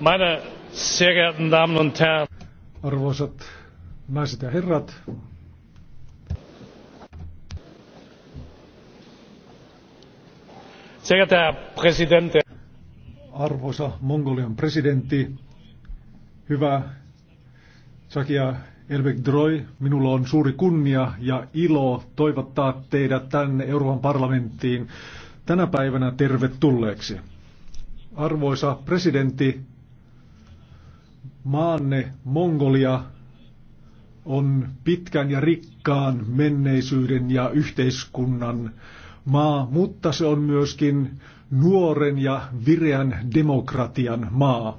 Meine sehr geehrten Damen und Herren. Arvoisat naiset ja herrat. Sehr geehrter Präsident. Arvoisa Mongolian presidentti, hyvä Sakia Elbek Droi, minulla on suuri kunnia ja ilo toivottaa teidät tänne Euroopan parlamenttiin tänä päivänä tervetulleeksi. Arvoisa presidentti, maanne Mongolia on pitkän ja rikkaan menneisyyden ja yhteiskunnan maa, mutta se on myöskin nuoren ja vireän demokratian maa.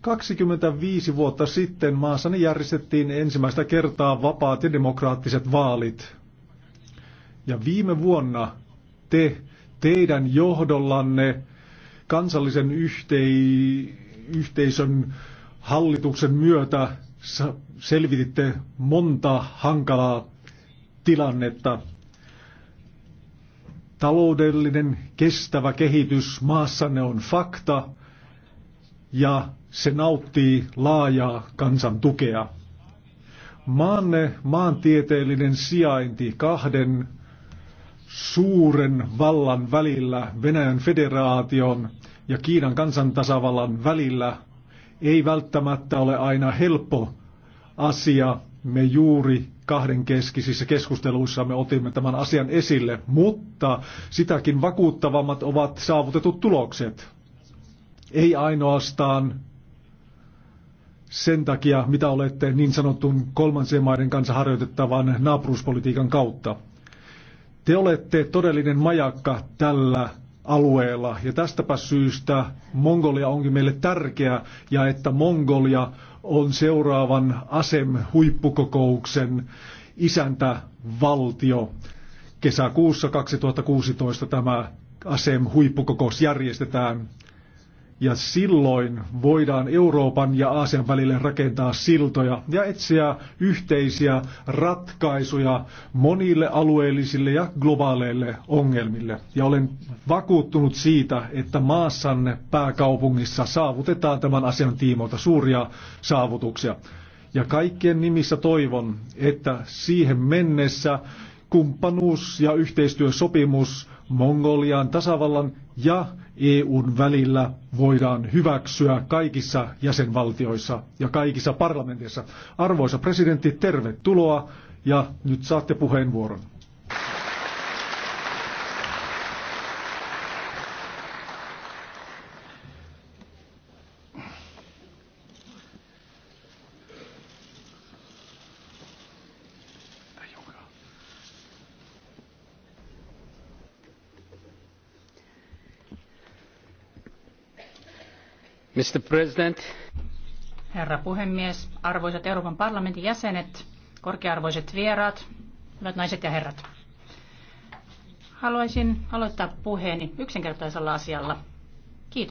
25 vuotta sitten maassani järjestettiin ensimmäistä kertaa vapaat ja demokraattiset vaalit. Ja viime vuonna te teidän johdollanne kansallisen yhtei, yhteisön hallituksen myötä selvititte monta hankalaa tilannetta. Taloudellinen kestävä kehitys maassanne on fakta ja se nauttii laajaa kansan tukea. Maanne maantieteellinen sijainti kahden suuren vallan välillä, Venäjän federaation ja Kiinan kansantasavallan välillä, ei välttämättä ole aina helppo asia. Me juuri kahdenkeskisissä keskusteluissa me otimme tämän asian esille, mutta sitäkin vakuuttavammat ovat saavutetut tulokset. Ei ainoastaan sen takia, mitä olette niin sanotun kolmansien maiden kanssa harjoitettavan naapuruspolitiikan kautta. Te olette todellinen majakka tällä alueella ja tästäpä syystä Mongolia onkin meille tärkeä ja että Mongolia on seuraavan ASEM-huippukokouksen isäntävaltio. Kesäkuussa 2016 tämä ASEM-huippukokous järjestetään ja silloin voidaan Euroopan ja Aasian välille rakentaa siltoja ja etsiä yhteisiä ratkaisuja monille alueellisille ja globaaleille ongelmille. Ja olen vakuuttunut siitä, että maassanne pääkaupungissa saavutetaan tämän asian tiimoilta suuria saavutuksia. Ja kaikkien nimissä toivon, että siihen mennessä kumppanuus- ja yhteistyösopimus Mongolian tasavallan ja EUn välillä voidaan hyväksyä kaikissa jäsenvaltioissa ja kaikissa parlamenteissa. Arvoisa presidentti, tervetuloa ja nyt saatte puheenvuoron. Herra puhemies, arvoisat Euroopan parlamentin jäsenet, korkearvoiset vieraat, hyvät naiset ja herrat. Haluaisin aloittaa puheeni yksinkertaisella asialla.